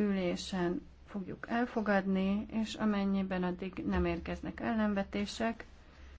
ülésen fogjuk elfogadni, és amennyiben addig nem érkeznek ellenvetések,